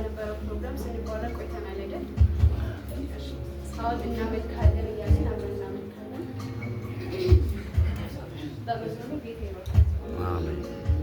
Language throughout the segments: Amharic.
በነበረው ፕሮግራም ስንባወራ ቆይተናል አይደል? ሐውልት እናመልካለን እያለን አብረን እናመልካለን። በመዝሙሩ ጌታ ይባርካችሁ።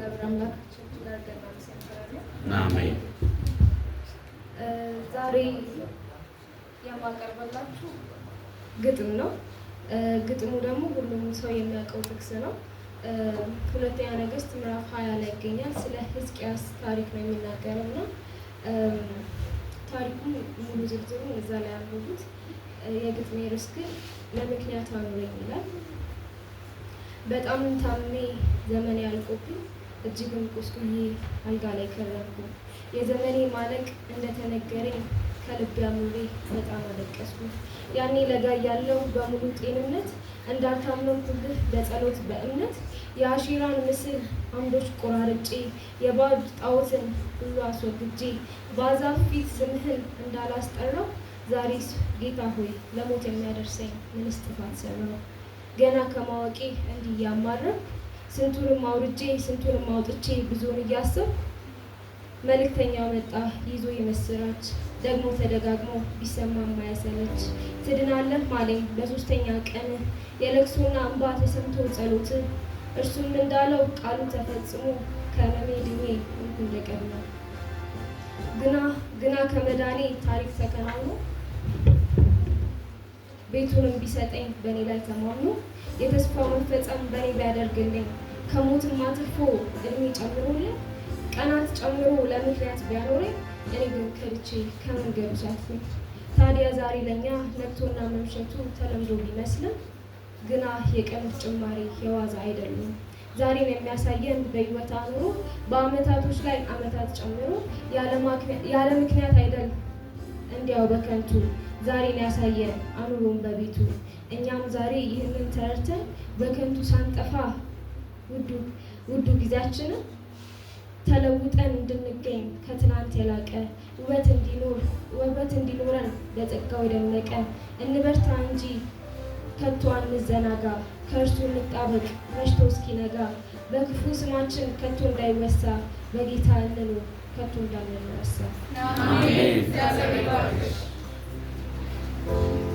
እግዚአብሔር አምላካችን ጋር ገና አሜን። ዛሬ የማቀርበላችሁ ግጥም ነው። ግጥሙ ደግሞ ሁሉም ሰው የሚያውቀው ጥቅስ ነው። ሁለተኛ ነገስት ምዕራፍ ሀያ ላይ ይገኛል። ስለ ሕዝቅያስ ታሪክ ነው የሚናገረው እና ታሪኩም ሙሉ ዝርዝሩን እዛ ላይ ያሉት የግጥሜ ርዕስ ግን ለምክንያት አኑረኝ ይላል። በጣም ታምሜ ዘመን ያልቆብኝ እጅግም ቁስቁኝ አልጋ ላይ ከረኩ። የዘመኔ ማለቅ እንደተነገረኝ ከልቤ አምሬ በጣም አለቀስኩ። ያኔ ለጋ ያለው በሙሉ ጤንነት እንዳልታመምኩብህ በጸሎት በእምነት የአሺራን ምስል አምዶች ቆራርጬ የባዕድ ጣዖትን ሁሉ አስወግጄ በአሕዛብ ፊት ስምህን እንዳላስጠራው ዛሬስ ጌታ ሆይ ለሞት የሚያደርሰኝ ምንስ ጥፋት ሰራው? ገና ከማወቂ እንዲህ ያማረብ ስንቱንም አውርጄ ስንቱንም አውጥቼ ብዙውን እያስብ መልእክተኛ መጣ ይዞ የመስራች ደግሞ ተደጋግሞ ቢሰማ ማያሰለች ትድናለህ ማለኝ በሶስተኛ ቀን የለቅሶና እንባ ተሰምቶ ጸሎት እርሱም እንዳለው ቃሉ ተፈጽሞ ከመሜ ድኜ እንደቀና ግና ግና ከመዳኔ ታሪክ ተከናውኖ ቤቱንም ቢሰጠኝ በእኔ ላይ ተማምኖ የተስፋው መፈጸም በእኔ ቢያደርግልኝ ከሞትም አትርፎ እድሜ ጨምሮልኝ ቀናት ጨምሮ ለምክንያት ቢያኖረኝ እኔ ግን ከልቼ ከመንገዱ ገብቻትኝ። ታዲያ ዛሬ ለእኛ ነግቶና መምሸቱ ተለምዶ ቢመስልም ግና የቀን ጭማሪ የዋዛ አይደሉም። ዛሬን የሚያሳየን በህይወት አኑሮ በአመታቶች ላይ አመታት ጨምሮ ያለ ምክንያት አይደለም። እንዲያው በከንቱ ዛሬን ያሳየን አኑሮን በቤቱ እኛም ዛሬ ይህንን ተረድተን በከንቱ ሳንጠፋ ውዱ ጊዜያችንን ተለውጠን እንድንገኝ ከትናንት የላቀ ውበት እንዲኖር ውበት እንዲኖረን ለጸጋው የደመቀ እንበርታ እንጂ ከቶ አንዘናጋ፣ ከእርሱ እንጣበቅ መሽቶ እስኪነጋ፣ በክፉ ስማችን ከቶ እንዳይወሳ በጌታ እንኖር። God will deliver us. Amen. That's everybody.